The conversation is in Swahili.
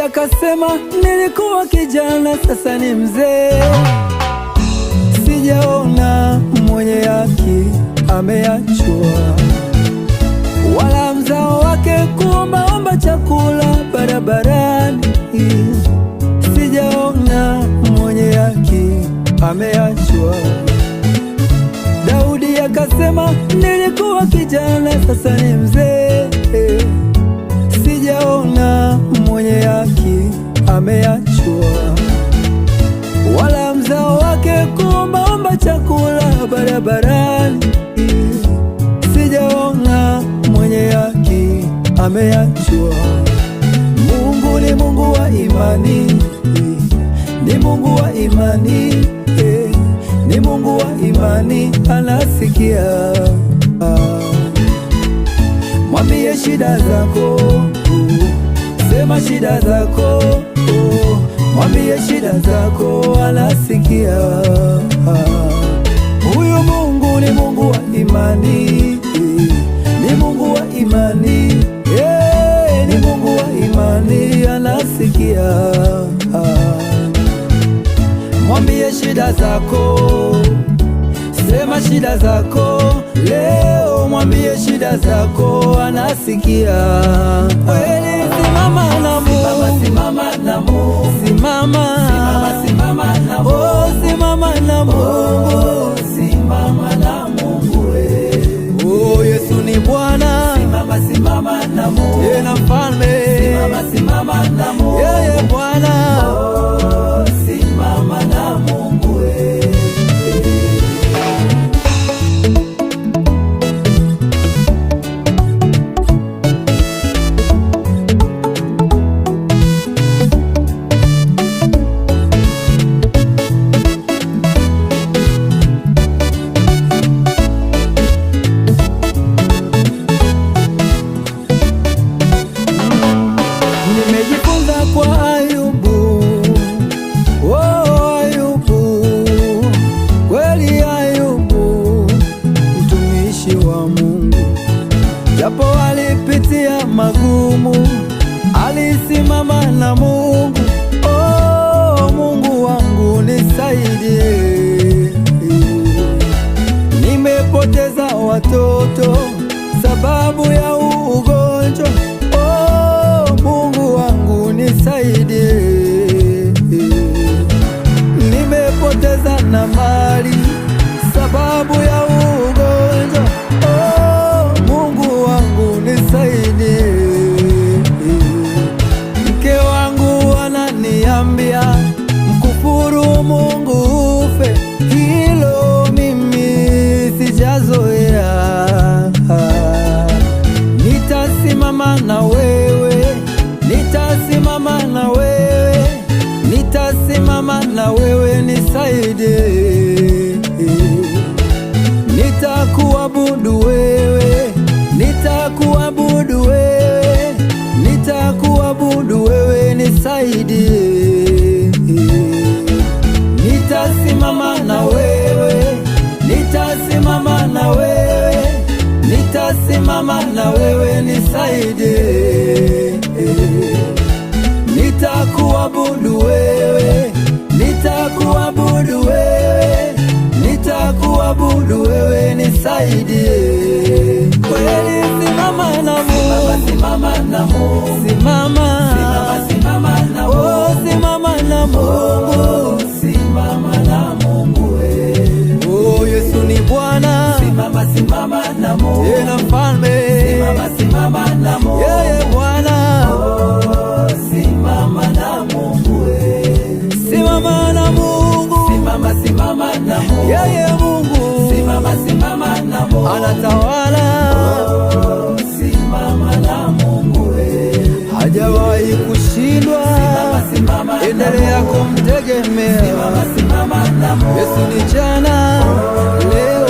akasema nilikuwa kijana, sasa ni mzee, sijaona mwenye haki ameachwa, wala mzao wake kuombaomba chakula barabarani, sijaona mwenye haki ameachwa. Daudi akasema nilikuwa kijana, sasa ni mzee, sijaona mwenye haki ameachwa, wala mzao wake kumbaomba chakula barabarani. Sijaona mwenye haki ameachwa. Mungu ni Mungu wa imani, ni Mungu wa imani, ni Mungu wa imani, anasikia. Mwambie shida zako sema shida zako, oh, mwambie shida zako, anasikia. Huyu Mungu ni Mungu wa imani, ni Mungu wa imani, yeah, ni Mungu wa imani, anasikia. Mwambie shida zako, sema shida zako leo, mwambie shida zako, anasikia. simama na Mungu, simama na Mungu, simama, simama, simama na Mungu, oh, simama na Mungu. magumu, alisimama na Mungu. Oh, Mungu wangu nisaidie, nimepoteza watoto sababu ya ugonjwa. Oh, Mungu wangu nisaidie unazoea. Nitasimama na wewe, nitasimama na wewe, nitasimama na wewe, nisaidie. Nitakuabudu wewe, nitakuabudu nitasimama na wewe nisaidie, nitakuabudu wewe, nitakuabudu wewe, nitakuabudu wewe nisaidie, kweli simama na Mungu, simama na Mungu, simama, simama, simama na Mungu, oh, simama na Mungu, oh, simama Simama, simama na Mungu. Yeye mfalme. Simama, simama na Mungu. Yeye Bwana. Oh, simama na Mungu. Simama na Mungu. Simama, simama na Mungu. Yeye Mungu. Simama, simama na Mungu. Anatawala. Oh, simama na Mungu. Hajawahi kushindwa. Simama, simama. Endelea kumtegemea. Simama, simama na Mungu. Yesu ni jana. Oh, leo